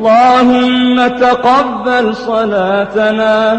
اللهم تقبل صلاتنا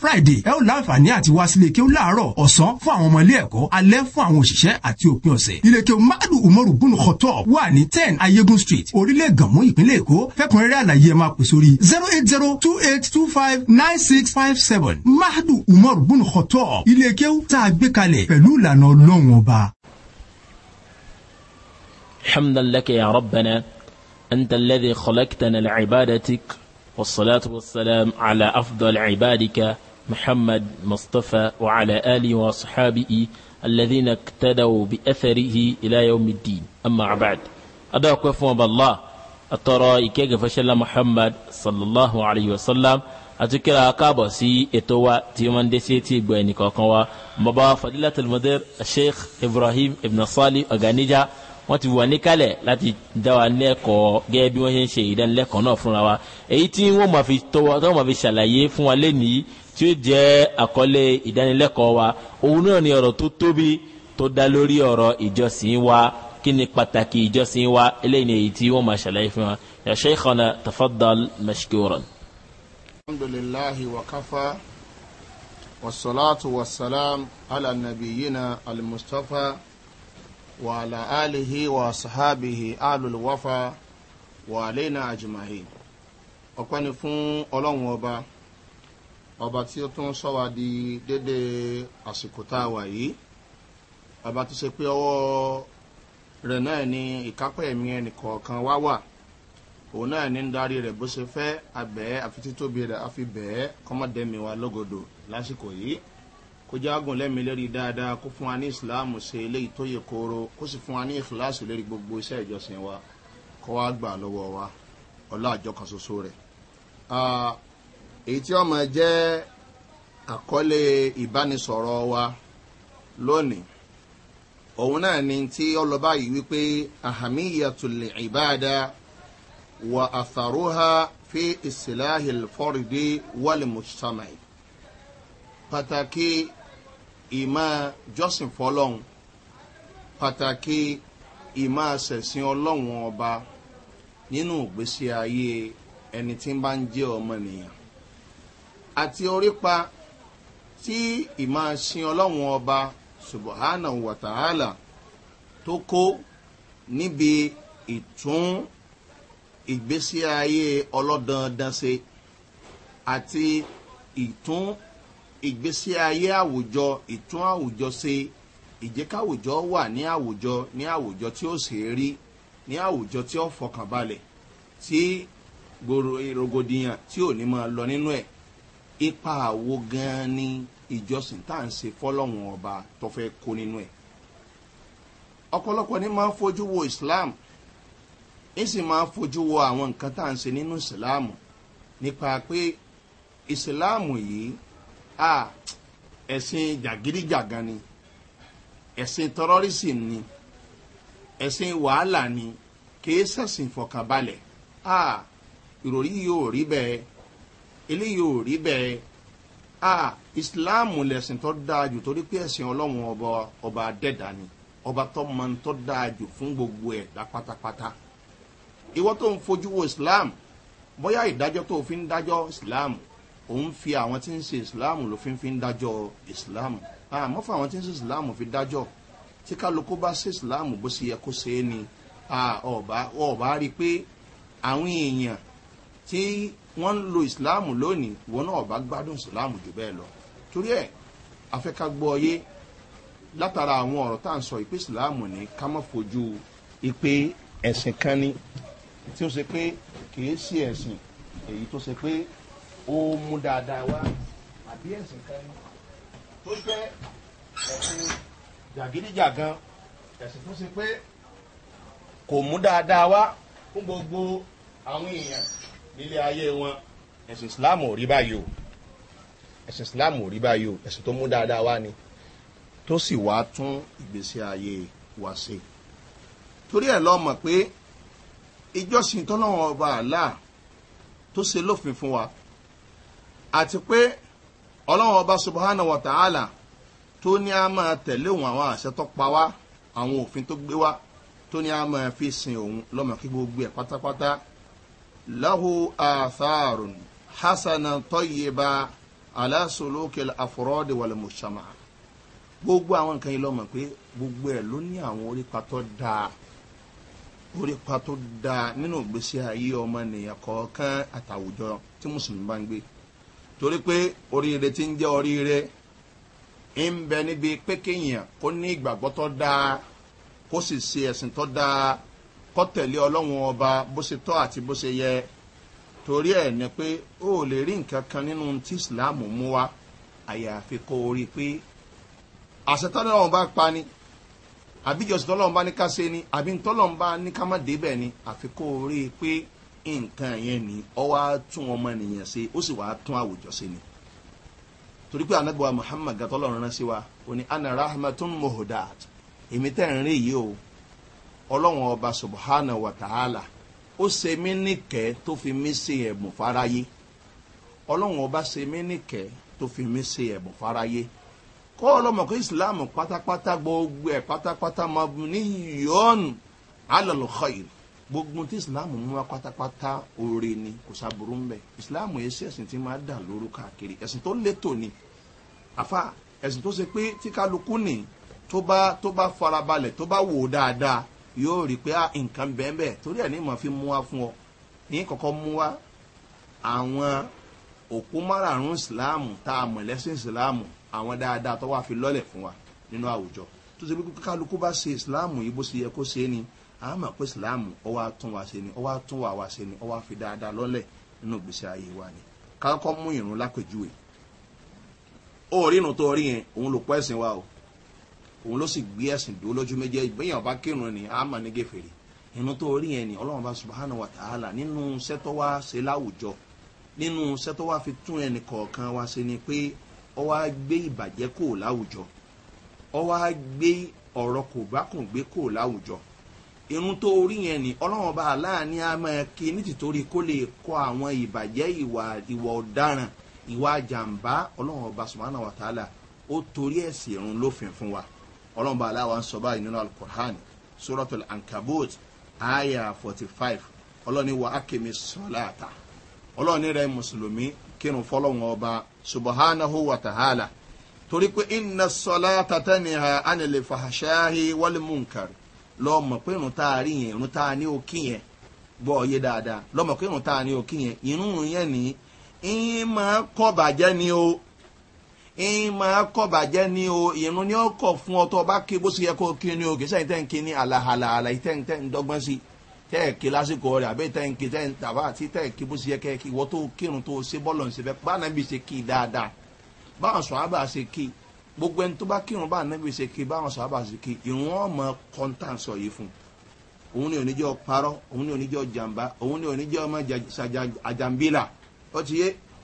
friday ẹ ó láǹfààní àti wá sílé kí ó láàárọ̀ ọ̀sán fún àwọn ọmọ ilé ẹ̀kọ́ alẹ́ fún àwọn òṣìṣẹ́ àti òpin ọ̀sẹ̀ ilé kí o madu umaru bunu kọtọ wà ní ten ayégun street orílẹ̀ gànmú ìpínlẹ̀ èkó fẹ́kùnrẹ́rẹ́ àlàyé ẹ máa pè sórí zero eight zero two eight two five nine six five seven madu umaru bunu kọtọ ilé kí ó tá gbé kalẹ̀ pẹ̀lú ìlànà ọlọ́run ọba. حمدا لك يا ربنا أنت الذي خلقتنا لعبادتك والصلاة والسلام على أفضل عبادك محمد مصطفى وعلى آله وصحابه الذين اقتدوا بأثره إلى يوم الدين أما بعد أدعوك فهم بالله أترى إكيك فشل محمد صلى الله عليه وسلم أتكرا أقابا سي إتوا تيمان دسيتي بويني كوكوا مبا فضيلة المدير الشيخ إبراهيم ابن صالح أغانيجا wọ́n ti wà níkàlẹ̀ láti dá wa lẹ́kọ̀ọ́ gẹ́gẹ́ bí wọ́n ṣe ń ṣe ìdánilẹ́kọ̀ọ́ náà fúnra wa èyí tí wọ́n máa fi ṣàlàyé fún wa lẹ́nìí tí ó jẹ́ àkọlé ìdánilẹ́kọ̀ọ́ wa òun náà ni ọ̀rọ̀ tó tóbi tó dá lórí ọ̀rọ̀ ìjọsìn wa kí ni pàtàkì ìjọsìn wa eléyìí ni èyí tí wọ́n máa ṣàlàyé fún wa ya shaykhana tafaddal mashkuran. alhamdulillahi wa kafa wasalaatu wasalaam ala nabiyina almustafa wa ala alihi wa sahabihi alulwafa wa alena ajumahi ọ̀pẹ́ni fún ọlọ́run ọba ọba tí ó tún sọ wa di dédé àsìkò tá a wà yìí ọba tó ṣe pé ọwọ́ rẹ̀ náà ni ìkápẹ́ ẹ̀mí ẹnìkọ̀ọ̀kan wá wà òun náà ní ń darí rẹ̀ bó ṣe fẹ́ abẹ́ àfi títóbi rẹ̀ àfi bẹ́ẹ̀ kọ́mọdémi wa lọ́gọ̀dọ̀ lásìkò yìí kó jágùn lẹ́mi lérí dáadáa kó fún wa ní ìsìláàmù ṣe eléyìí tó yẹ kóró kó sì fún wa ní ìfìlásù lérí gbogbo iṣẹ́ ìjọsìn wa kó wá gbà lọ́wọ́ wa ọlá àjọ rẹ̀ ah, èyí tí ọmọ jẹ́ àkọlé ìbánisọ̀rọ̀ wa lónìí òun náà ni tí ọlọ́ba yìí wípé ahamiyatulẹ̀ ìbáadá wà àfàrúhà fi ìsìláhìl fọ́rìdì wàlìmùsàmáì pàtàkì ìmọ̀ jọ́sìn fọlọ́hún pàtàkì ìmọ̀ àṣẹ̀sìn ọlọ́hún ọba nínú ìgbésí ayé ẹni tí ń bá ń jẹ́ ọmọnìyàn àti orípa tí ìmáṣin ọlọ́run ọba subahana wàtàhálà tó kó níbi ìtún ìgbésí ayé ọlọ́dandan ṣe àti ìtún ìgbésí ayé àwùjọ ìtún àwùjọ ṣe ìjẹ́káwùjọ wà ní àwùjọ ní àwùjọ tí ó sì rí ní àwùjọ tí ó fọkànbalẹ̀ tí rògbòdìyàn tí ò ní máa lọ nínú ẹ̀. E ipa àwo gan ni ìjọsìn tá à ń se fọlọ́hún ọba tó fẹ́ kó nínú ẹ̀ ọ̀pọ̀lọpọ̀ ni máa ń fojú wo islam ń sì máa ń fojú wo àwọn nǹkan tá à ń se nínú islam nípa pé islam yìí a ẹ̀sìn jàgídíjàgan ni ẹ̀sìn tọrọ́rìsì ni ẹ̀sìn wàhálà ni kì í sẹ̀sìn fọkànbalẹ̀ a ìròrí yìí rí bẹ́ẹ̀. eléyìí ò rí bẹ́ẹ̀ a ìsìláàmù lẹ̀sìn tó dáa jù torí pé ẹ̀sìn ọlọ́run ọba ọba dẹ́dà ni ọba tó máa ń tó dáa jù fún gbogbo ẹ̀dá pátápátá ìwọ́ tó ń fojú wo ìsìláàmù bóyá ìdájọ́ tó fi ń dájọ́ ìsìláàmù òun fi àwọn tí ń ṣe ìsìláàmù ló fi ń fi ń dájọ́ ìsìláàmù àmọ́ fún àwọn tí ń ṣe ìsìláàmù fi dájọ́ tí kálukú bá ṣe ìsìláàmù bó ṣe yẹ kó ṣe é ni ọba rí pé àwọn èèyàn tí wọ́n ń lo ìsìláàmù lónìí ìwọ náà ọba gbádùn ìsìláàmù jù bẹ́ẹ̀ lọ torí ẹ̀ afẹ́kágbọ́ ọyé látara àwọn ọ̀rọ̀ tá à ń sọ ìpè ìsìláàmù ní ká má fojú ìpè ẹ̀sìn kan ní tí ó ṣe pé kìí sí ẹ̀sìn èyí tó ṣe pé ó mú dáadáa wá àbí ẹ̀sìn kan ní tó jẹ́ ẹ̀sìn jàgídíjàgan ẹ̀sìn tó ṣe pé kò mú dáadáa wá fún gbogbo àwọn èèyàn nílé ayé wọn ẹ̀sìn islam ò rí báyìí o ẹ̀sìn islam ò rí báyìí o ẹ̀sìn tó mú dáadáa wá ni tó sì wá tún ìgbésí ayé wa ṣe torí ẹ̀ lọ́ mọ̀ pé ìjọsìn tọ́lọ́wọ́n ọba àlá tó ṣe lófin fún wa àti pé ọlọ́wọ́n ọba subahana wa ta'ala tó ní a máa tẹ̀lé òun àwọn àṣẹ tó pa wá àwọn òfin tó gbé wá tó ní a máa fi sin òun lọ́mọ kí gbogbo ẹ̀ pátápátá له آثار حسنة طيبة على سلوك الأفراد والمجتمع gbogbo àwọn nǹkan yìí lọ́mọ̀ pé gbogbo ẹ̀ ló ní àwọn orípa tó dáa orípa tó dáa nínú ìgbésí ayé ọmọnìyàn kọ̀ọ̀kan àtàwùjọ tí mùsùlùmí bá ń gbé torí pé oríire ti ń jẹ́ oríire ń bẹ níbi pé kéèyàn kó ní kọ́ tẹ̀lé ọlọ́run ọba bó ṣe tọ́ àti bó ṣe yẹ torí ẹ̀ ni pé ó lè rí nǹkan kan nínú tí islam mú wa àyàfi kó o rí i pé àṣetọ́lọ́run bá pa ni àbíjọsìn tọ́lọ́run bá ní ká ṣe ni àbí tọ́lọ́run bá ní ká má débẹ̀ ni àfi kó o rí i pé nǹkan yẹn ni ọ wá tún ọmọ nìyẹn ṣe ó sì wá tún àwùjọ ṣe ni torí pé anagba muhammad gatọ́lọ́run rán sí wa òní anna rahmatun mohodat èmi tẹ́ ń rí yìí o ọlọ́run ọba subhana wa ta'ala ó ṣe mí níkẹ́ tó fi mí ṣe ẹ̀bùn fáráyé ọlọ́run ọba ṣe mí níkẹ́ tó fi mí ṣe ẹ̀bùn fáráyé kọ́ ọlọ́mọ kí islam pátápátá gbogbo ẹ̀ pátápátá máa bu ní yọ́ọ̀nù alọ́lọ́kọ́yì gbogbo tí islam mú wa pátápátá oore ni kò sábúrú ń bẹ̀ islam yẹn sí ẹ̀sìn tí máa dà lóru káàkiri ẹ̀sìn tó létò ni àfa ẹ̀sìn tó ṣe pé tí kálukú nì tó bá tó bá farabalẹ̀ tó bá wò dáadáa yóò rí pé ah, nǹkan bẹ́ẹ̀ torí ẹ̀ ní ìmọ̀ fi mú wa fún ọ ní kọ́kọ́ mú wa àwọn òpó márààrún ìsìláàmù tá a mọ̀ lẹ́sìn ìsìláàmù àwọn dáadáa tó wà fi lọ́lẹ̀ fún wa nínú àwùjọ tó ṣe pé kálukú bá ṣe ìsìláàmù yìí bó ṣe yẹ kó ṣe é ni a mọ̀ pé ìsìláàmù ọwọ́ àtún wa ṣe ni ọwọ́ àtún wa wa ṣe ni ọwọ́ àfi dáadáa lọ́lẹ̀ nínú ìgbésí ayé wa ni kákọ́ mú ìrún lápèjúwe ó tó rí yẹn òun lò pọ́ ẹ̀sìn wa o òun ló sì gbé ẹ̀sìn dúró lójú méjèèjì bẹ́ẹ̀ yẹn ọba kírun ni a máa ní gèfèrè inú tó rí yẹn ni ọlọ́run bá subahana wa tààlà nínú sẹ́tọ́ wa ṣe láwùjọ nínú sẹ́tọ́ wa fi tún ẹnì kọ̀ọ̀kan wa ṣe ni pé ọ wá gbé ìbàjẹ́ kò láwùjọ ọ wá gbé ọ̀rọ̀ kò bá kùn gbé kò láwùjọ irun tó orí yẹn ni ọlọ́run bá aláàní a máa kí ní tìtorí kó lè kọ àwọn ìbàjẹ́ ìwà ìwà ọ̀daràn ìwà jàǹbá ọlọ́run ọba subahana wa tààlà ó torí ẹ̀sìn irun lófin fún wa ọlọ́run bá aláwa ń sọ báyìí nínú alukur'an suratul ankabut aya forty five ọlọ́ni wa akemi sọ́láàtà ọlọ́ni rẹ̀ mùsùlùmí kírun fọlọ́run ọba subahánahu wa ta'ala torí pé iná sọ́láàtà tẹ́ni ha ánilẹ̀ fàṣáhì wálé munkar lọ́mọ pé irun tá a rí yẹn irun tá a ní òkì yẹn gbọ́ ọ yé dáadáa lọ́mọ pé irun tá a ní òkì yẹn irun yẹn ni ìyín máa kọ́ bàjẹ́ ni o ń máa kọ̀ bàjẹ́ ní o ìrún ni ó kọ̀ fún ọ tó bá ké bó ṣe yẹ kó kí ni o kì í sẹ́yìn tẹ́ ń kí ní àlàhàlà àlà yìí tẹ́ ń tẹ́ ń dọ́gbọ́n sí tẹ́ ẹ̀ kí lásìkò rẹ̀ àbẹ́ tẹ́ ń kí tẹ́ ń tàbá àti tẹ́ ẹ̀ kí bó ṣe yẹ kẹ́ kí ìwọ́ tó kírun tó ṣe bọ́ọ̀lù ṣe fẹ́ bá nàbì ṣe kí dáadáa báwọn sọ àbà ṣe kí gbogbo ẹni tó bá kírun bá nàbì ṣe kí báwọn sọ àbà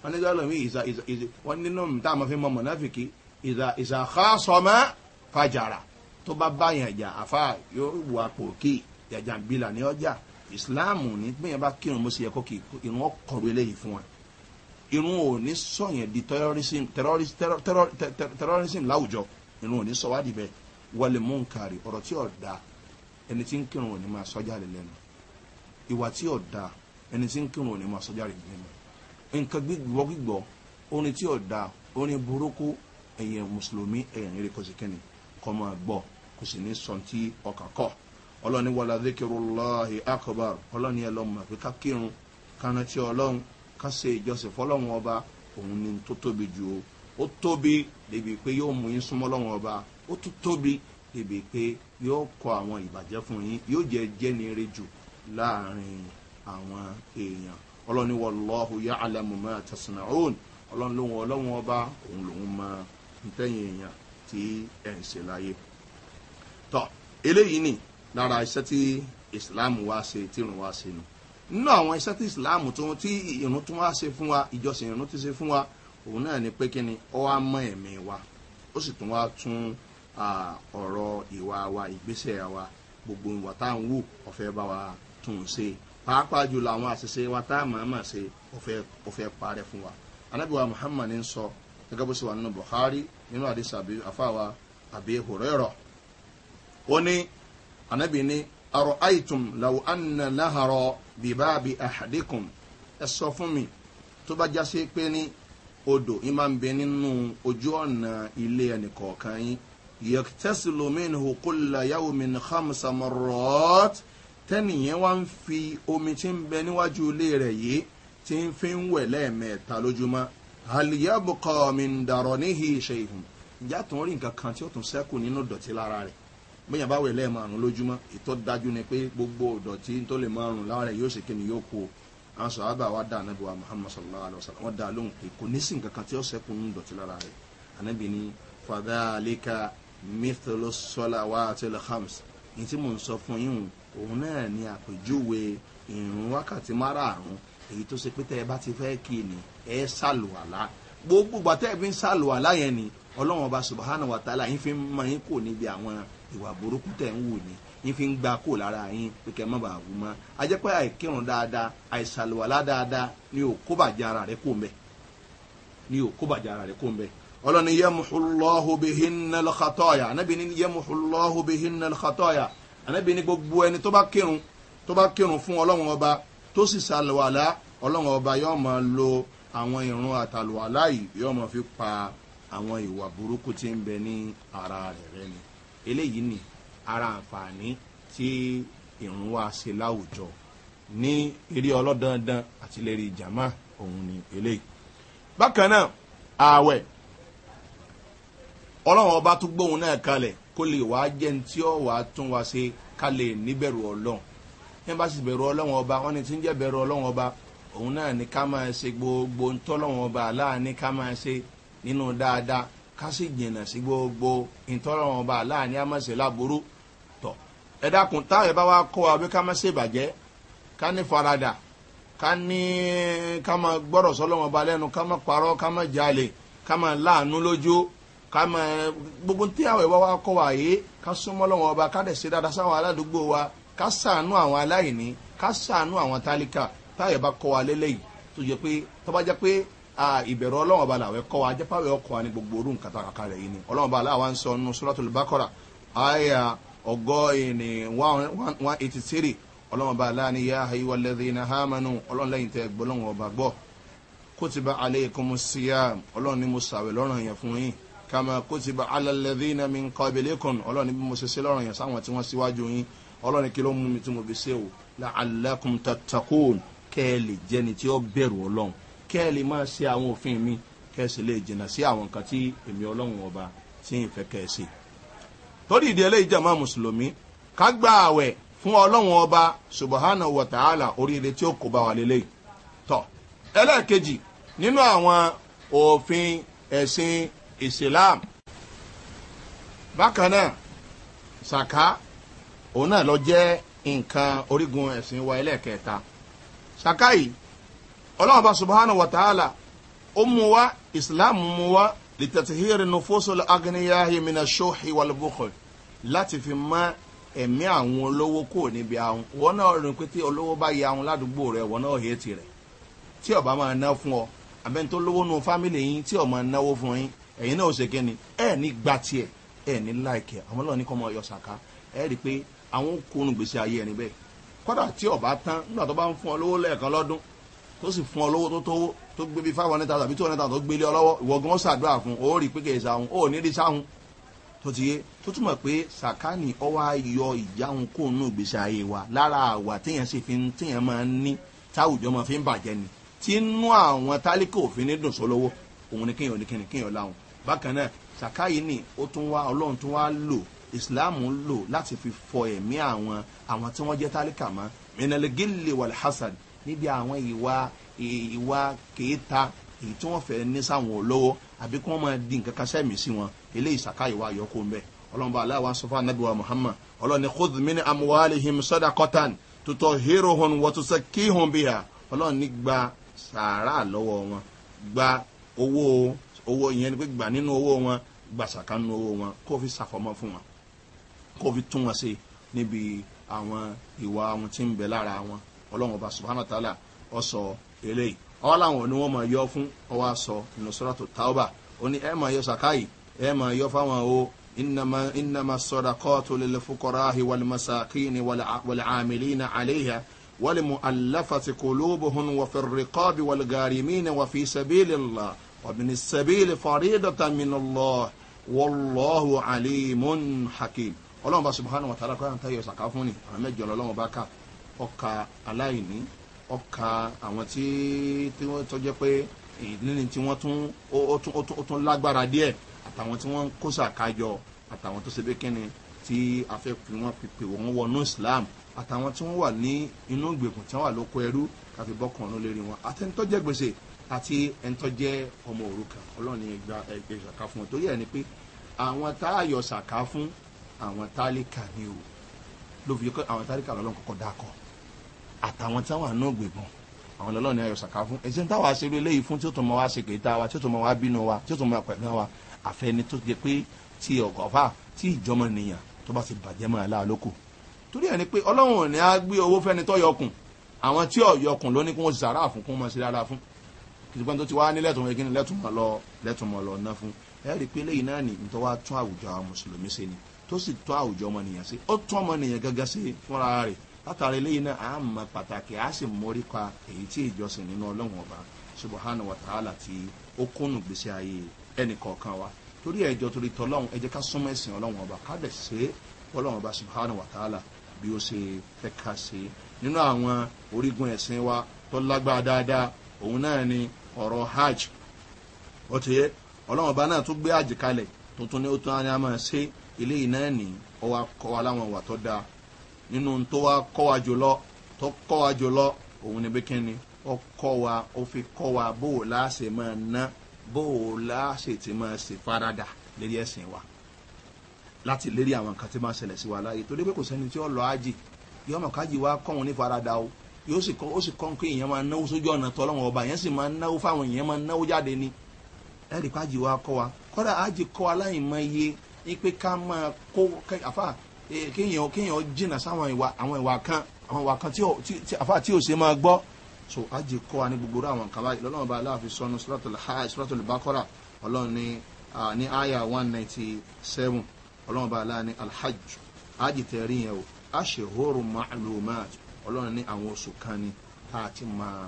wọ́n ní jọ́lọ̀ mi ìzà ìzà wọ́n nínú tá a máa fi mọ mọ̀náfìkì ìzà ìzà ká sọmọ́ fàjàrà tó bá báyàn jà àfa yóò wù apò kí yàjà bílà ní ọjà ìsìláàmù ní gbìyànjú bá kírun bó ṣe yẹ kó kí irun ọkọ̀rọ̀ eléyìí fún wa irun ò ní sọ̀yàn di terrorism láwùjọ irun ò ní sọ wádìí bẹ́ẹ̀ wọlé múnkàrí ọ̀rọ̀ tí ò da ẹni tí ń kírun ò ní máa sọ́jà lẹ́nu ìwà tí ò da ẹni tí ń kírun ò ní máa sọ́jà lẹ́nu nǹkan gbígbọ́ gbígbọ́ orin tí ò da orin burúkú ẹ̀yìn mùsùlùmí ẹ̀yìn rẹ̀ kò sì kẹ́ni kọ́ máa gbọ́ kò sì ní sọ tí ọkàn kọ́ ọlọ́ni wàlá dékèrò lọ́ọ̀hì akọ̀bàr ọlọ́ni ẹ̀ lọ́mọ àfi ká kírun kánà tí ọlọ́run ká ṣe ìjọsìn fọlọ́run ọba òun ni tó tóbi ju o ó tóbi débi pé yóò mú yín súnmọ́ lọ́run ọba ó tún tóbi débi pé yóò kọ àwọn ìbàjẹ́ fún yín yóò jẹ́ jẹ́ni rẹ̀ jù láàrin àwọn èèyàn ọlọ́ni wàlláhu yá alamu máa tẹ̀sán òun ọlọ́ni lóhun ọlọ́run ọba òun lòun máa ń tẹ̀yìn èèyàn tí ẹ̀ ń ṣe láyé. tọ́ eléyìí ni lára iṣẹ́ tí ìsìláàmù wá ṣe tí ìrùn wá ṣe nù nínú àwọn iṣẹ́ tí ìsìláàmù tó tí ìrùn tó wá ṣe fún wa ìjọsìn ìrùn ti ṣe fún wa òun náà ni pé kíni ọ wá mọ ẹ̀mí wa ó sì tún wá tún ọ̀rọ̀ ìwà wa ìgbésẹ̀ wa gbogbo ìwà tá à ń wù ọ̀fẹ́ bá wa tún un ṣe pàápàá jùlọ àwọn àṣìṣe wa tá a máa máa ṣe ó fẹ́ parẹ́ fún wa anábìwá muhammad ń sọ gẹ́gẹ́ bó ṣe wà nínú buhari nínú àdìsá àfáwa àbí hòrẹ́rọ̀ ó ní anábì ní arọ àìtùm làwọn àna láhàrọ bíbá àbí àhàdékùn ẹ sọ fún mi tó bá jásí pé ní odò yín máa ń bẹ nínú ojú ọ̀nà ilé ẹnìkọ̀ọ̀kan yín yẹtẹ́sílómìnì hùkúlà yàwó mìnì hàmsàmọ́rọ́ọ̀tì tẹ́nìyẹn wá ń fi omi tí ń bẹ níwájú ilé rẹ̀ yìí tí ń fi ń wẹ̀ lẹ́ẹ̀mẹ́ta lójúmọ́ àlìyábùkọ́ mi ń dàrọ̀ níhi ṣe ìhùn ìjà tó ń rí nǹkan kan tí ó tún sẹ́kù nínú dọ̀tí lára rẹ̀ bóyá bá wẹ̀ lẹ́ẹ̀márùn lójúmọ́ ìtọ́ dájú ni pé gbogbo dọ̀tí tó lè márùn lára yóò ṣe kí ni yóò kú o àwọn sọ̀rọ̀ wa dá anabi muhammad sallallahu alayhi wa sallam wọ́n dá lóhùn pé kò ní sí nǹkan kan tí ó sẹ́kù nínú dọ̀tí lára rẹ̀ anabi ni fadalika mithlo sọlá wa tilhams ní tí mò ń sọ fún yín òun náà ni àpèjúwe ìrun wákàtí márààrún èyí tó ṣe pé tẹ́ ẹ bá ti fẹ́ kí ni ẹ ṣàlùwàlá gbogbo ìgbà tẹ́ ẹ fi ń ṣàlùwàlá yẹn ni ọlọ́wọ́n ọba subahana wa taala yín fi ń mọ yín kò níbi àwọn ìwà burúkú tẹ̀ ń wù ni yín fi ń gba kó lára yín pé kẹ́ ẹ má wù mọ́ ajẹ́pẹ́ àìkírun dáadáa àìṣàlùwàlá dáadáa ni ò kó bàjẹ́ ara rẹ̀ kó ń bẹ̀ ni ò kó bàjẹ́ ara rẹ̀ kó ń bẹ̀ ọlọ́ni yẹ́muhulọ́hu bihinnalkatọ́yà anábìíní yẹ́muhulọ́hu bihinnalkatọ́yà ànábì ní gbogbo ẹni tó bá kírun tó bá kírun fún ọlọ́run ọba tó sì ṣàlùwàlá ọlọ́run ọba yóò máa lo àwọn ìrun àtàlùwàlá yìí yóò máa fi pa àwọn ìwà burúkú tí ń bẹ ní ara rẹ̀ rẹ ni eléyìí ni ara àǹfààní tí ìrun wa ṣe láwùjọ ní eré ọlọ́dandan àti lérí jama òun ni eléyìí bákan náà ààwẹ̀ ọlọ́run ọba tún gbóhun náà kalẹ̀ kó lè wá jẹ́ ní tí ó wàá tún wá ṣe ká lè níbẹ̀rù ọlọ́run yẹn bá sì bẹ̀rù ọlọ́run ọba wọn ni tí ń jẹ́ bẹ̀rù ọlọ́run ọba òun náà ni ká máa ṣe gbogbo ntọ́lọ́run ọba aláàní ká máa ṣe nínú dáadáa ká sì jìnnà sí gbogbo ntọ́lọ́run ọba aláàní á máa ṣe láburú tọ̀ ẹ dákun táwọn ẹ bá wá kọ́ wa ká máa ṣe ìbàjẹ́ ká ní farada ká ní ká máa gbọ́dọ̀ sọ́lọ́run ọba lẹ́nu ká máa parọ́ ká máa jalè ká máa láàánú lójú ká mọ gbogbo tí àwọn ìwà wa kọ wà yé ká súnmọ́ lọ́wọ́ ọba ká dẹ̀ ṣe dáadáa sáwọn aládùúgbò wa ká sàánú àwọn aláìní ká sàánú àwọn tálíkà táyọ̀ bá kọ́ wa lélẹ́yìí tó jẹ́ pé tó bá jẹ́ pé ìbẹ̀rù ọlọ́wọ́n ọba làwẹ̀ kọ́ wa jẹ́ ọkọ̀ wa ní gbogbo orú nǹkan tàkàkà rẹ̀ yìí ni ọlọ́wọ́n ọba aláwa ń sọ nínú sọ́lọ́tòlù bákọ́rà àyà ọgọ́ ìní one eighty three ọlọ́wọ́n ọba aláàní yá ayé wa lẹ́dí iná hámánú ọlọ́wọ́n lẹ́yìn tẹ́ gbọ́lọ́wọ́n alẹ́ kó mo ni mo sàwẹ̀ lọ́rùn yẹn fún yín kàmá kótìbà alẹ́lẹ́dínà mi kọ́ ìbílẹ̀kùn ọlọ́ọ̀ni bí mo ṣe ṣe lọ́rọ̀ yẹn sáwọn tí wọ́n síwájú yín ọlọ́ọ̀ni kí ló mú mi tí mo fi ṣe o la alẹ́kùn tàtàkùn kẹ́ẹ̀lì jẹni tí ó bẹ̀rù ọlọ́run kẹ́ẹ̀lì máa ṣe àwọn òfin mi kẹ́ẹ̀sì lè jìnnà sí àwọn nǹkan tí èmi ọlọ́run ọba tí ń fẹ́ kẹ́ẹ̀sì. torí ìdí eléyìí jẹ́ máa mùsùlùmí ká gba àwẹ̀ fún ọlọ́run ọba subahana wa ta'ala oríire tí ó kó bá wa lélẹ́yìí. tọ́ ẹlẹ́ẹ̀kejì nínú àwọn òfin ẹ̀sìn islam bákan náà sàká òun náà lọ jẹ́ nǹkan orígun ẹ̀sìn wa ẹlẹ́ẹ̀kẹta sàká yìí ọlọ́run bá wa ta'ala ó mú wa islam mú wa litatihiri nufusul agniyahi mina shohi walbukhl láti fi mọ ẹ̀mí àwọn olówó kò níbi àwọn wọn náà rìn pé olówó bá ya àwọn ládùúgbò rẹ wọn náà hẹ́ẹ̀tì rẹ tí ọba máa ná fún ọ àbẹ́ntó lówó nu fámìlì yín tí ọmọ náwó fún yín ẹ̀yin náà ó ṣe kíni ẹ̀ ní gba tiẹ̀ ẹ̀ ní láìkẹ́ àwọn ọlọ́run ní kọ́ mọ ọyọ sàká ẹ̀ rí i pé àwọn kónú gbèsè ayé ẹni bẹ́ẹ̀ kọ́dà tí ọ̀bá tán nígbà tó bá ń fún ọ lówó lẹ́ẹ̀kan lọ́dún tó sì fún ọ lówó tó tówó tó gbé bí five hundred thousand àbí two hundred thousand tó gbélé ọ lọ́wọ́ ìwọ gan tó túmọ̀ pé sàkáàní ọwọ́ ayọ ìyáhun kónú gbèsè ayé wa lára àwà téèyàn sì fi téèyàn máa ń ní táwùjọ máa fi ń bàjẹ́ ni tí inú àwọn tálíkà òfin ní dùn sólówó òun ni kéèyàn ní kéèyàn láwọn bákan náà sàkáyé ni ó tún wá ọlọ́run tún wá lò islam ń lò láti fi fọ ẹ̀mí àwọn àwọn tí wọ́n jẹ́ tálíkà mọ́ mẹnẹlẹgẹlẹ wàlhásad níbi àwọn ìwà ìwà kéèta èyí tí wọ́n fẹ́ ní sáwọn olówó àbí kí wọ́n máa di nǹkan kan sẹ́mi sí wọn eléyìí sàkáyé wa yọkó ń bẹ̀ ọlọ́mọba aláwa ń sọ fún anabiwa muhammad ọlọ́ni kúndùmínì amuwalihim sọ́dà kọ́tàn tutọ́ hírohun wọ́tusẹ́ kíhun bíyà ọlọ́ni gba sàárà lọ́wọ́ wọn gba owó owó yẹn ni pé gbà nínú owó wọn gbà sàkà nínú owó wọn kó fi ṣàfọmọ fún wọn kó fi tún wọn ṣe níbi àwọn ìwà wọn tí ń bẹ lára wọn ọlọ́run ọba subhana tààlà ọ sọ eléyìí ọwọ́ làwọn ni wọ́n máa yọ fún ọwọ́ sọ ìnusọ́ràtò táwọ́bà ó ní ẹ máa yọ sàkáyì ẹ máa yọ fáwọn o إنما الصدقات للفقراء والمساكين والعاملين عليها والمؤلفة قلوبهم وفي الرقاب والغارمين وفي سبيل الله ومن السبيل فريضة من الله والله عليم حكيم ọlọ́run bá subahana wa taara kọ́ra ń tayọ ṣàkà fún ni àwọn mẹ́jọ lọ́lọ́run bá kà ọkà aláìní ọkà àwọn tí tí wọ́n tọ́jẹ́ pé ìdílé tí wọ́n tún ó tún lágbára díẹ̀ àtàwọn tí wọ́n ń kó ṣàkájọ àtàwọn tó ṣe bí kíni tí a fẹ́ fi wọ́n pè wọ́n wọnú islam àtàwọn tí wọ́n wà ní inú ìgbèkùn tí wọ́n wà lóko ẹrú káfí bọ́kànlélẹ́rìí wọn àtẹnitọ́jẹ́ gbèsè àti ẹ̀ńtọ́jẹ́ ọmọ òrukàn ọlọ́ọ̀ni ẹgbẹ́ ìṣàká fún wọn torí ẹ̀ ni pé àwọn tá a yọ ṣàká fún àwọn tálíkà ni o ló fi yẹ kó àwọn tálíkà lọ́lọ́run kọ́kọ́ dákọ̀ àtàwọn táwọn àná gbẹ̀gbọ̀n àwọn lọ́lọ́ọ̀ni ayọ̀ ṣàká fún ẹ̀sẹ̀ ń táwa ṣe eléyìí fún tí ó tó mọ wá ṣe kèéta wa tí ó tó mọ wá bínú wa tí ó tó mọ pẹ̀lú wa àfẹni tó jẹ pé ti ọ̀gọ̀fà tí ìjọmọ nìyàn tó bá ti bàjẹ́ mọ́ aláàlókò torí ẹni pé ọlọ́run ò ní á gbé owó fẹ́ni tó yọkùn àwọn tí ò yọkùn ló ní kí wọ́n sàrà fún kí wọ́n mọ̀ sí fún kìtìpẹ́ tó ti wá ní lẹ́tùmọ̀ ẹ̀kíni lẹ́tùmọ̀ lọ lẹ́tùmọ̀ lọ ná fún ẹ rí i pé lẹ́yìn náà ní nítorí wá tún àwùjọ àwọn mùsùlùmí sí ni tó sì tún àwùjọ ọmọnìyàn sí ó tún ọmọnìyàn gẹ́gẹ́ sí fúnra rẹ̀ látàrí lẹ́yìn náà à mọ pàtàkì à sì mórí pa èyí tí ìjọsìn nínú ọlọ́run ọba subahana wa ta'ala ti ó kúnnù gbèsè ayé ẹnì kọ̀ọ̀kan wa torí ẹ̀jọ̀ torí tọ́lọ́run ẹ jẹ́ ká súnmọ́ ẹ̀sìn ọlọ́run ọba ká dẹ̀ ṣe ọlọ́run ọba subahana wa ta'ala bí ó ṣe fẹ́ ká ṣe nínú àwọn òun náà ni ọ̀rọ̀ hajj ó ti yẹ ọlọ́run ọba náà tún gbé hajj kalẹ̀ tuntun ni ó tún á máa ṣe eléyìí náà ní ọwọ́ akọ́ wa láwọn ìwà tó dáa nínú tó wá kọ́ wa jùlọ tó kọ́ wa jùlọ òun ni bíkẹ́ ni ó kọ́ wa ó fi kọ́ wa bó láṣẹ máa ná bó láṣẹ ti máa ṣe farada lérí ẹ̀sìn wa láti lérí àwọn nǹkan tí máa ṣẹlẹ̀ sí wa láàyè torí pé kò sẹ́ni tí ó lọ ájì yọmọ kájì wa kọ́ òun ní farada o yóò sì kọ́ ó sì kọ́ pé èèyàn máa náwó sójú ọ̀nà tọ́ lọ́wọ́ ọba èèyàn sì máa náwó fáwọn èèyàn máa náwó jáde ni ẹ̀rí pàjì wa kọ́ wa kọ́dà ájì kọ́ aláìmọ iye ní pé ká máa kó àfà kéèyàn kéèyàn jìnnà sáwọn ìwà àwọn ìwà kan àwọn ìwà kan tí àfà tí ò ṣe máa gbọ́ so ájì kọ́ wa ní gbogbo rẹ̀ àwọn kaba lọ́nà bá aláàfin sọnù sọ́tò lùbákọ́rà ọlọ́run one ninety seven ọlọ́run bá aláàfin alhaj ájì tẹ̀rí yẹn o aṣèhóró màlúmáàtì ọlọ́run ní àwọn oṣù kan ni tá a ti máa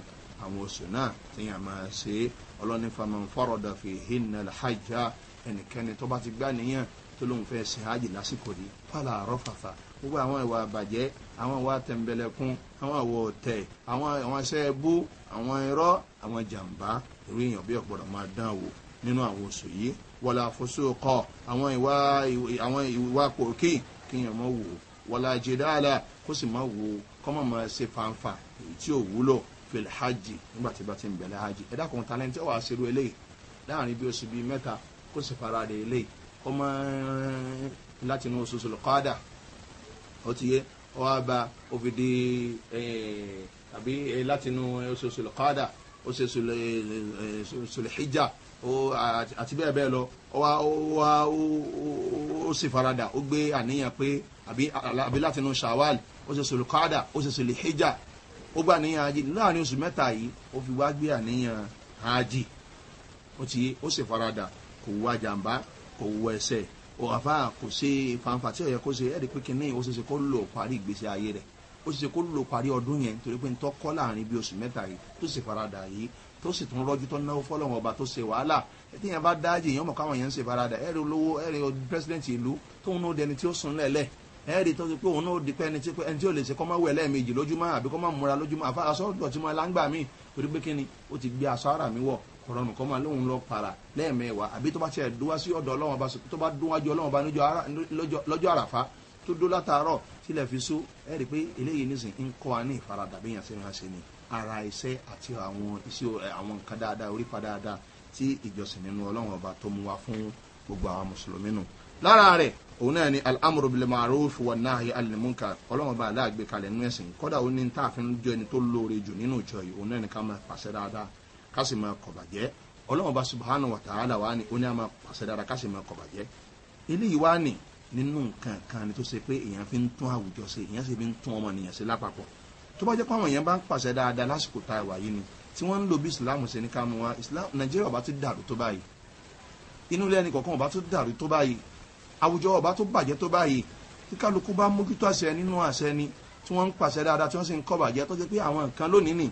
àwọn oṣù náà téèyàn máa ṣe é ọlọ́run ní faman fọ́rọ̀dà fi hinna alhajja ẹnikẹ́ni tó bá ti gbá nìyẹn tó lóun fẹ́ ṣe hajj lásìkò yìí fàlà àrọ́fàfà gbogbo àwọn ìwà àbàjẹ́ àwọn ìwà tẹ̀m̀bẹ̀lẹ̀kún àwọn àwọ̀ ọ̀tẹ̀ àwọn àwọn iṣẹ́ ẹbú àwọn irọ́ àwọn jàǹbá irú èèyàn bí ọ̀pọ̀lọpọ̀ máa dán wò nínú àwọn oṣù yìí wọlé àfọṣọ àwọn ìwà àwọn ìwà pòkì kíyàn mọ́ wò wọlé àjẹdáàlà kó sì má wò kọ́mọ̀ mọ̀ ṣe fanfa tí ò wúlò fèlè hajj nígbà tí bá ti ń bẹ̀rẹ̀ hajj ẹ̀dá kan talẹ́ntì ọ̀wà ṣerú eléyìí láàrin bí oṣù bíi mẹ́ta kó sì fara rẹ̀ eléyìí ọmọ láti inú oṣooṣù lọ́kọ́dà ó ti yé ọwọ́ bá òfin di àbí láti inú oṣooṣù lọ́kọ́dà oṣooṣù lọ́híjà àti bẹ́ẹ̀ bẹ́ẹ̀ lọ ọwọ́ ó sì farada ó gbé àníyàn pé àbí láti inú ṣàwálì ó ṣe sòlù kádà ó ṣe sòlù hijab ó gbà níyàn hajj láàrin oṣù mẹ́ta yìí ó fi wá gbé àníyàn hajj ó ti yé ó sì farada kò wá jàǹbá kò wọ ẹsẹ̀ òhàfà kò ṣe fanfa tí ọ̀yẹ́ kó ṣe ẹ̀rí pé kínní ó ṣe ṣe kó lò parí ìgbésí ayé rẹ̀ ó ṣe ṣe kó lò parí ọdún yẹn torí pé nítorí kọ́ láàrin bí oṣù mẹ́ta yìí tó sì farada yìí tó sì tún rọ́jú tó náwó fọ́lọ́wọ́n ọba tó ṣe wàhálà ẹtí yẹn bá dáàjì èèyàn mọ̀ káwọn yẹn ń ṣe farada ẹ̀rí olówó ẹ̀rí pírẹsidẹ̀ntì ìlú tóun náà dẹni tí ó sùn lẹ̀lẹ́ ẹ̀rí tó ti pé òun náà di pé ẹni tí ẹni tí ò lè ṣe kọ́ máa wẹ̀ lẹ́ẹ̀mejì lójúmọ́ àbí kọ́ máa múra lójúmọ́ àfa aṣọ dọ̀tí máa láǹgbà torí pé kíni ó ti gbé aṣọ ara mi wọ̀ kọ̀rọ̀nù kọ́ máa lóun lọ para lẹ́ẹ̀mẹ́wàá àbí tó bá tiẹ̀ dúwá sí ọ̀dọ̀ ọlọ́run ọba tó bá dúnwájú ọlọ́run ọba lọ́jọ́ àràfá tó dó látàárọ̀ tilẹ̀ fi sú ẹ̀rí pé eléyìí nísìn ń kọ́ wa ní ìfaradà bí yàtí wọn ṣe ni ara iṣẹ́ àti àwọn iṣẹ́ àwọn nǹkan dáadáa orípa dáadáa tí ìjọsìn nínú ọlọ́run ọba tó mú wa fún gbogbo àwọn mùsùlùmí nù lára rẹ̀ òun náà ni al'amuru bil ma'ruf wa nahyi anil munkar ọlọ́run bá aláàgbé kalẹ̀ nínú ẹ̀sìn kọ́dà ó ní tá a fi ń jọ ẹni tó lóore jù nínú ìjọ yìí òun náà ni ká máa pàṣẹ dáadáa ká sì máa kọ̀ bàjẹ́ ọlọ́run bá subhanahu wa ta'ala wa ni ó ní a máa pàṣẹ dáadáa ká sì máa kọ̀ bàjẹ́ eléyìí wá ní nínú nǹkan kan ni tó ṣe pé èèyàn fi ń tún àwùjọ ṣe èèyàn sì fi ń tún ọmọ nìyẹn ṣe lápapọ̀ tó bá jẹ́ pé àwọn èèyàn bá ń pàṣẹ dáadáa lásìkò tá a wà yìí ni tí wọ́n ń lo bí islam ṣe ní ká wa nàìjíríà ọba ti dàrú tó báyìí inú ilé ẹnì kọ̀ọ̀kan ọba tó dàrú tó báyìí àwùjọ ọba tó bàjẹ́ tó báyìí kí kálukú bá mójútó àṣẹ nínú àṣẹ ni tí wọ́n ń pàṣẹ dáadáa tí wọ́n sì ń kọ́ bàjẹ́ tó jẹ́ pé àwọn nǹkan lónìí nì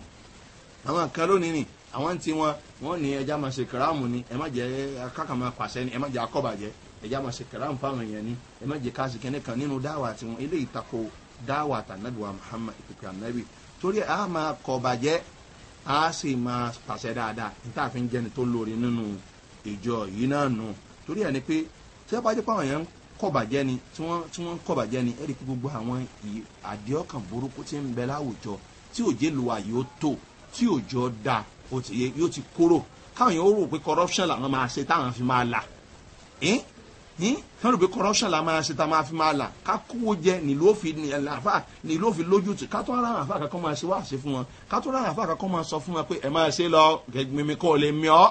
àwọn nǹkan lónìí nì àwọn ń tiwọn wọ́n ní ẹja máa ṣe kìráàmù ni ẹ má jẹ́ káka máa pàṣẹ ni ẹ má jẹ́ akọ́bàjẹ́ ẹja máa ṣe kìráàmù fáwọn èèyàn ni ẹ má jẹ́ káàsì kẹ́ni kan nínú dáwà tiwọn eléyìí tako dáwà tànàbíwá muhammad ìpèpè ànábì torí a máa kọ́ bàjẹ́ a sì máa pàṣẹ dáadáa níta àfi ń jẹ́ni tó lórí nínú ìjọ yìí náà nù torí ẹni tí wọ́n bá jẹ́ pé àwọn èèyàn ń kọ̀bàjẹ́ ni tí wọ́n tí wọ́n ń kọ̀bàjẹ́ ni ẹ̀rí gbogbo àwọn àdéhọ́kàn burúkú tí ń bẹ láwùjọ tí òjé lu àyè ó tò tí òjò da ó ti yé yóò ti kúrò káwọn èèyàn ó rò pé corruption làwọn máa ṣe táwọn fi máa là ẹ́n ní kí wọ́n rò pé corruption làwọn máa ṣe táwọn máa fi máa là ká kówó jẹ nílò fi àfà nílò fi lójútì ká tó ara àwọn àfà kankan máa ṣe wá ṣe fún wọn ká tó ara àwọn àfà kankan máa sọ fún wọn pé ẹ máa ṣe lọ gẹgbẹmí kọ́ ọ lè mí ọ́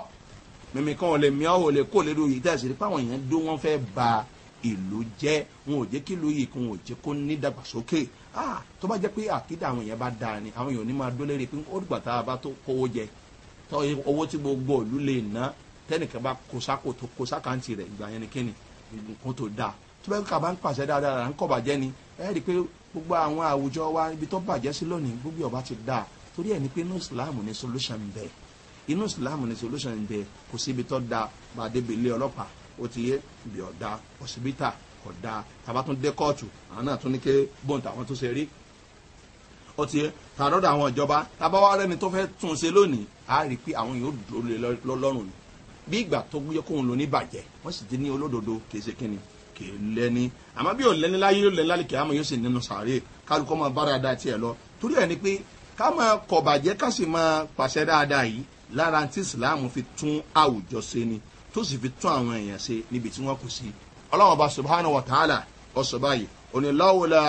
mímíkan ò lè mí ọ́ ò lè kó lérò yìí dàsí rí páwọn èèyàn dó wọ́n fẹ́ ba ìlú jẹ́ wọn ò jẹ́ kí ìlú yìí kò wọn ò jẹ́ kó ní dàgbàsókè ah tó bá jẹ́ pé àkídà àwọn èèyàn bá dáa ni àwọn èèyàn ò ní máa dó lérí pé ó dìgbà tá a bá tó kówó jẹ tó owó tí gbogbo ìlú lè ná tẹ́nìkan bá kó sáko tó kó sákàǹtì rẹ̀ ìgbà yẹn ni kíni nǹkan tó dáa tó bá kà bá ń pàṣẹ dáadáa là ń kọ̀ bàjẹ́ ni ẹ rí i pé gbogbo àwọn àwùjọ wa ibi tó bàjẹ́ sí lónìí gbogbo ọba ti dáa torí ẹ̀ ni pé ní islam ní solution bẹ́ẹ̀ inú ìsìláàmù ni solution ń bẹ kò síbi tó da bá débi ilé ọlọ́pàá ó ti yé ibi ọ̀dà ọ̀sibítà ọ̀dà tàbá tún dé kóòtù àwọn náà tún ní ké bóńtà wọn tún ṣe rí ó ti yé tàdọ́dọ̀ àwọn ìjọba tàbá wá rẹ́ni tó fẹ́ tún un ṣe lónìí á rí i pé àwọn yóò dúró lé lọ́rùn ni bí ìgbà tó gbé kóun lò ní bàjẹ́ wọ́n sì ti ní olódodo kì í ṣe kíni kì í lẹ́ni àmọ́ bí yóò lẹ́ni láyé yóò lẹ́ni láyé kì í yóò sì nínú sàárè kálukọ́ máa bára da tiẹ̀ lọ torí ẹ̀ ni pé ká máa kọ̀ bàjẹ́ ká sì máa pàṣẹ dáadáa yìí lára tí ìsìláàmù fi tún àwùjọ ṣe ni tó sì fi tún àwọn èèyàn ṣe níbi tí wọ́n kù sí. ọlọ́wọ́n bá subhanahu wa ta'ala ọ sọ báyìí oníláwòlá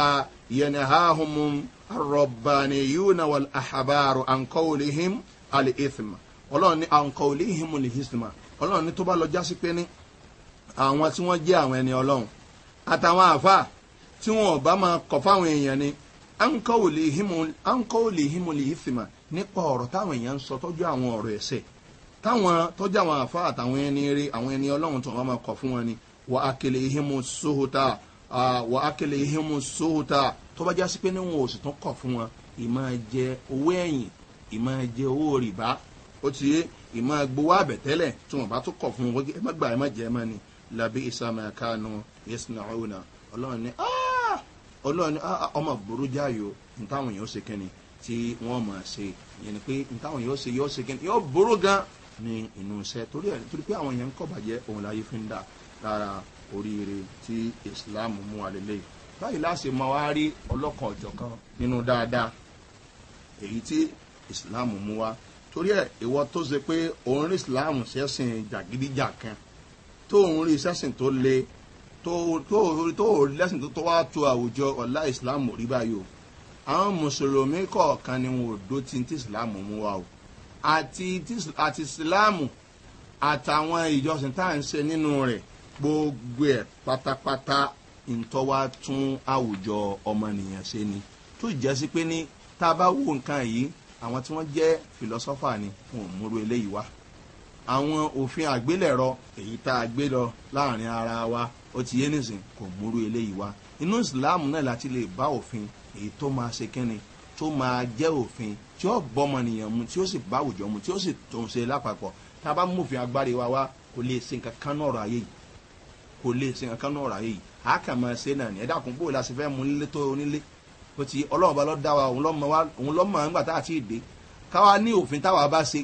yẹnì ahumu arọ̀bàní yúna wàl àhàbàrù ànkọ́wòlìhìm àlì ìfìmà ọlọ́run ní ànkọ́wòlìhìm àlì ìfìmà ọlọ́run ní tó bá lọ jásí pé ní àwọn tí wọ́n jẹ́ àwọn ẹni ọlọ́run àtàwọn àfa tí wọ́n ọba máa kọ̀ fáwọn èèyàn ni ànkọ́wòlìhìm àlì ìfìmà nípa ọ̀rọ̀ táwọn èèyàn ń sọ tọ́jú àwọn ọ̀rọ̀ ẹ̀sẹ̀ táwọn tọ́jú àwọn àfa àtàwọn ẹni eré àwọn ẹni ọlọ́run tó máa kọ̀ fún wọn ni wà á kele ihimu sóhóta wà á kele ihimu sóhóta tó bá jásí pé níwọ̀n oṣù tó kọ̀ fún wọn ìmọ̀ jẹ owó ẹ̀yìn ìmọ̀ jẹ owó rìbá ó ti yé ìmọ̀ gbowó àbẹ̀tẹ́lẹ̀ tí wọ́n bá tó kọ̀ fún wọn ẹ gbà ẹ má jẹ tí wọ́n mọ̀ ṣe ìyẹn ni pé ntáwọn yóò ṣe yóò ṣe kí yóò burú gan ní inú iṣẹ́ torí ẹ̀ torí pé àwọn yẹn ń kọ́ bàjẹ́ òun láyé fi ń dà lára oríire tí islam mú wa lélẹ̀ báyìí láṣẹ máa wá rí ọlọ́kan ọ̀jọ̀kan nínú dáadáa èyí tí islam mú wa torí ẹ̀ ìwọ tó ṣe pé òun rí islam ṣẹ́sìn jàgídíjà kan tó òun rí ṣẹ́sìn tó le tó tó lẹ́sìn tó tó wá tu àwùjọ ọ̀la islam rí báyìí o àwọn mùsùlùmí kọ̀ọ̀kan ni wọn ò dó ti ti ìsìláàmù mú wa o àti àti ìsìláàmù àtàwọn ìjọsìn tá à ń ṣe nínú rẹ̀ gbogbo ẹ̀ pátápátá ìtọ́wá tún àwùjọ ọmọnìyàn ṣe ni tó jẹ́ sí pé ní tá a bá wo nǹkan yìí àwọn tí wọ́n jẹ́ fìlọ́sọ́fà ni wọn ò múru eléyìí wá àwọn òfin àgbélẹ̀rọ èyí tá a gbé lọ láàrin ara wa ó ti yé nìsín kò múru eléyìí wá inú ìsìláàmù náà láti lè bá òfin èyí tó máa ṣe kínni tó máa jẹ́ òfin tí ó bọ́mọnìyàn mu tí ó sì bá àwùjọ mu tí ó sì tòun ṣe lápapọ̀ tá a bá mòfin agbárí wa wá kò lè ṣe nǹkan kan náà ráyè yìí kò lè ṣe nǹkan kan náà ráyè yìí a kà máa ṣe náà ní ẹ̀dá kún bó la ṣe fẹ́ mu nílé tó onílé ó ti ọlọ́run bá lọ́ dá wa òun lọ́mọ nígbà tá a ti dé káwa ní òfin táwa bá ṣe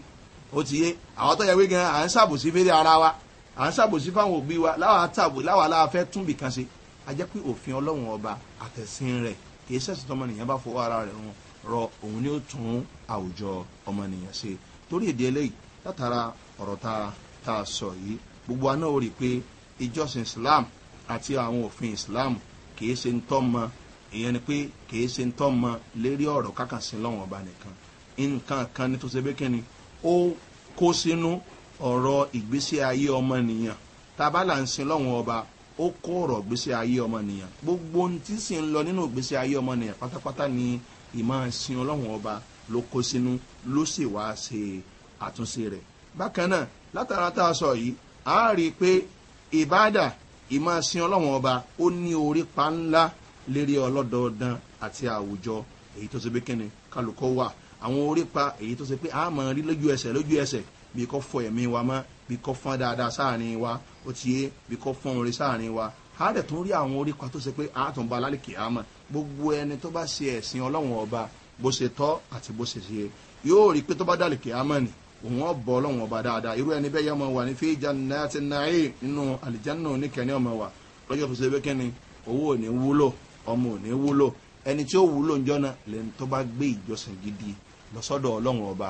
ó ti yé àwọn tó yẹ pé gan à ń ṣàbòsí fèrè ara wa à ń ṣàbòsí fáwọn òbí wa láwa tàbó láwa fẹ́ túnbì kan ṣe a jẹ́ pé òfin ọlọ́run ọba àtẹ̀sìn rẹ̀ kì í sẹ́sì tọmọnìyàn bá fowó ara rẹ̀ rọ òun ni ó tún àwùjọ ọmọnìyàn ṣe torí èdè eléyìí látara ọ̀rọ̀ tá a sọ yìí gbogbo aná ó rí i pé ìjọsìn islam àti àwọn òfin islam kì í ṣe ń tọ́ mọ ìyẹn ni pé kì í ṣe ń tọ́ mọ lérí ọ̀rọ̀ kákàsí lọ́wọ́n ọba nìkan nǹkan kan ní tó ṣe bẹ́ẹ̀ kẹ́ni ó kó sínú ọ̀rọ̀ ìgbésí ayé ọmọnìyàn tábàlà ń sin lọ́wọ́n ọba ó kó ọ̀rọ̀ gbèsè ayé ọmọnìyàn gbogbo ohun tí sì ń lọ nínú gbèsè ayé ọmọnìyàn pátápátá ni ìmọ̀ sin ọlọ́run ọba ló kó sínú ló sì wá ṣe àtúnṣe rẹ̀ bákan náà látara tá a sọ yìí a rí i pé ìbáàdà ìmọ̀ sin ọlọ́run ọba ó ní orí pa ńlá lérí ọlọ́dọọdán àti àwùjọ èyí tó ṣe pé kíni kálukọ́ wà àwọn orí pa èyí tó ṣe pé a rí lójú ẹsẹ̀ lójú ẹsẹ̀ bí kò fọ ẹ̀mí wa mọ́ bí kọ́ fọ́n dáadáa sáàrin wa ó ti yé bí kọ́ fọ́n orí sáàrin wa a rẹ̀ tún rí àwọn orí kan tó ṣe pé àátùn ba lálẹ́kì àmọ́ gbogbo ẹni tó bá ṣe ẹ̀sìn ọlọ́run ọba bó ṣe tọ́ àti bó ṣe ṣe yóò rí pé tó bá dàlẹ́kì àmọ́ ni òun ọ̀bọ̀ ọlọ́run ọba dáadáa irú ẹni bẹ́ẹ̀ yẹ ọmọ wà ní fíjà náà ti náà nínú àlìjáná oníkẹ́ni ọmọ wà lọ́jọ́ tó ṣe pé kẹ́ni owó ò ní wúlò ọmọ ò ní wúlò ẹni tí ó wúlò ń jọ́nà lẹ́ni tó bá gbé ìjọsìn gidi lọ́sọ́dọ̀ ọlọ́run ọba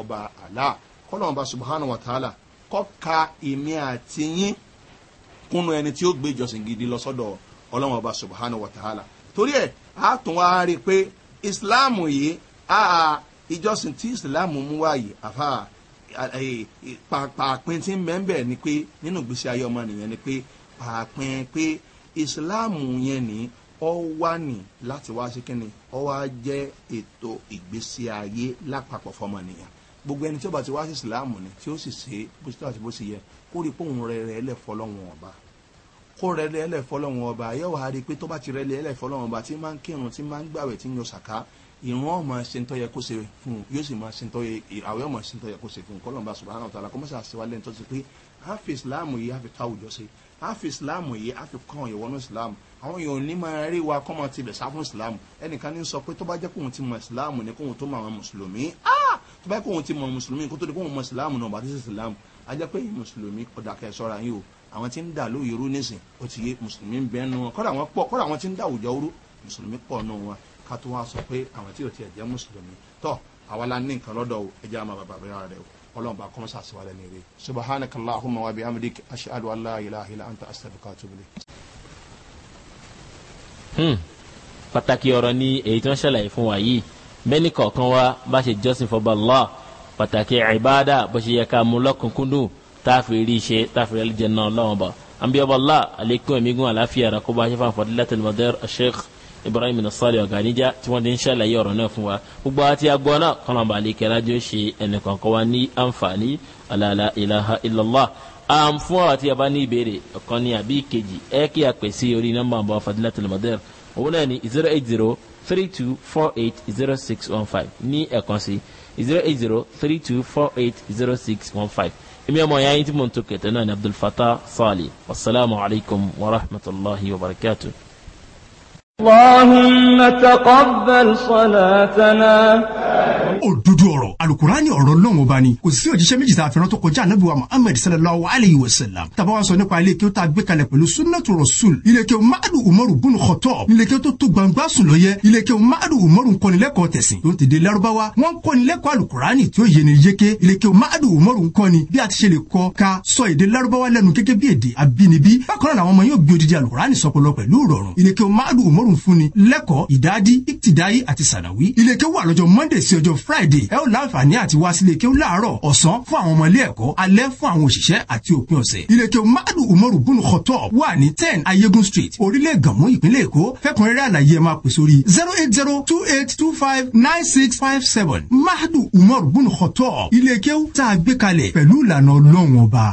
ọba àlá kọ́lọ́run ọba subhanahu wa kọ́ka èmi àti yín kúnnu ẹni tí ó gbé ìjọsìn gidi lọ sọ́dọ̀ ọlọ́run ọba subahana wa ta'ala torí ẹ̀ a tún wá rí i pé islam yìí a ìjọsìn tí islam mú wáyé àfa pàápàápín tí ń bẹ́ẹ̀ ni pé nínú ìgbésí ayé ọmọ nìyẹn ni pé pàápín pé islam yẹn ni ọ wá nì láti wá sí kínni ọ wá jẹ́ ètò ìgbésí ayé lápapọ̀ fọmọ nìyẹn gbogbo ẹni tí ó bá ti wá sí ìsìláàmù ni tí ó sì ṣe bó ṣe tó àti bó ṣe yẹ kó rí pòun rẹ̀rẹ̀ ẹlẹ́fọ́ lọ́wọ́n ọba kó rẹ̀rẹ̀ ẹlẹ́fọ́ lọ́wọ́n ọba yóò wá rí i pé tó bá ti rẹ̀rẹ̀ ẹlẹ́fọ́ lọ́wọ́n ọba tí máa ń kírun tí máa ń gbàwẹ̀ tí ń yọ sàká ìrún ọmọ ṣe ń tọ́yẹ kó ṣe fún un yóò sì máa ṣe ń tọ́yẹ àwẹ̀ ọmọ ṣe ń tọ́yẹ kó ṣe fún un kọ́lọ́mbà subahana ọ̀tàlá kó mọ́sá ṣe wá lẹ́nu tó ti pé a ìsìláàmù yìí a ká òjò ṣe a ìsìláàmù yìí a fi kàn yẹ̀ ìsìláàmù àwọn èèyàn ní máa rí wa kọ́ máa ti bẹ̀ sá fún ìsìláàmù ẹnìkan ní sọ pé tó bá jẹ́ kóun ti mọ ìsìláàmù ni kóun tó mọ mùsùlùmí ah! tó bá yẹ kó òun ti mọ̀ mùsùlùmí kó tó di kó òun mọ̀ sílámù náà bàtí sí sílámù a jẹ́ pé mùsùlùmí ọ̀dà kẹsọ́ra yìí o àwọn tí ń dà lóye rú nísìn ó ti yé mùsùlùmí ń bẹ́ẹ̀ nù wọn kọ́dà wọn pọ̀ kọ́dà wọn ti ń dà òjò rú mùsùlùmí pọ̀ nù wọn ká tó wá sọ pé àwọn tí ò tiẹ̀ jẹ́ mùsùlùmí tọ́ àwa la ní nǹkan lọ́dọ̀ o ẹ jẹ́ àmà bàbá bẹ́ẹ̀ rẹ o ọlọ́run bá kọ́mọ́sá sí wa lẹ́nu eré allahumma wa bi amadi allah ilaha illa anta astaghfiruka wa atubu ilayk. Hmm. pàtàkì ọ̀rọ̀ ni èyí tí wọ́n ṣàlàyé fún wa yìí bẹ́ẹ̀ni kọ̀ọ̀kan wa bá ṣe jọ́sìn fọba Allah pàtàkì ìbáadà bó ṣe yẹ ká mú lọ́kùnkúndùn táàfin rí ṣe táàfin rí jẹ náà lọ́wọ́n bá an biya balla alaikum amigun alafiya ra ko ba shi fan fadilatul madar sheikh ibrahim nasali wa ganija tí wọ́n din ṣàlàyé ọ̀rọ̀ náà fún wa gbogbo àti agbọnà kọlọn ba aleke rajo ṣe ẹnìkan wa ní àǹfààní alala ilaha illallah am fún wa àti yaba ní ìbéèrè ọ̀kan ní àbí kejì ẹ kí a pèsè orí nọ́mbà àbọ fadilatul madar òun náà ní zero eight zero three two four eight zero six one five ní ẹ̀kan sí zero eight zero three two four eight zero six one five èmi ọmọ ìyá yín tí mò ń tó kẹtẹ náà ní abdulfatah sali wasalaamu alaykum wa rahmatulahi wa barakatu. اللهم تقبل صلاتنا òdodo ọ̀rọ̀ alukurani ọ̀rọ̀ lọ́wọ́n bá ni kò sí òjíṣẹ́ méjì tá a fẹ́ràn tó kọjá anabi wa muhammed sallallahu alayhi wa sallam tàbá wa sọ nípa ilé kí ó tá a gbé kalẹ̀ pẹ̀lú sunnatu rasul ilé kí o madu umaru bunu kọtọ ilé kí o tó tó gbangba sùn lọ yẹ ilé madu umaru nkọnilẹ́kọ̀ọ́ tẹ̀sìn tó ń tẹ̀dé larubawa wọn kọnilẹ́kọ̀ọ́ alukurani tí ó yẹni yeke ilé madu umaru nkọni bí a ti ṣe lè kọ ka sọ èdè larubawa lẹnu gẹ́gẹ́ bí èdè abínibí bákan náà làwọn ọmọ yóò gbé odidi alukurani sọpọlọ pẹ̀lú ìrọ̀rùn ilé madu umaru fúnni lẹ́kọ̀ọ́ ìdádi ìtìdáyé àti sànàwí ilé kí o wà lọ́jọ́ monday sí ọjọ́ fr friday ẹ ó láǹfààní àti wá sílé kí ó láàárọ̀ ọ̀sán fún àwọn ọmọ ilé ẹ̀kọ́ alẹ́ fún àwọn òṣìṣẹ́ àti òpin ọ̀sẹ̀ ìlẹ̀kẹ̀ madu umaru bunu kọtọ wà ní ten ayégun street orílẹ̀ gànmú ìpínlẹ̀ èkó fẹ́kùnrẹ́rẹ́ àlàyé ẹ máa pè sórí zero eight zero two eight two five nine six five seven madu umaru bunu kọtọ ìlẹ̀kẹ̀ tá a gbé kalẹ̀ pẹ̀lú ìlànà ọlọ́run ọba.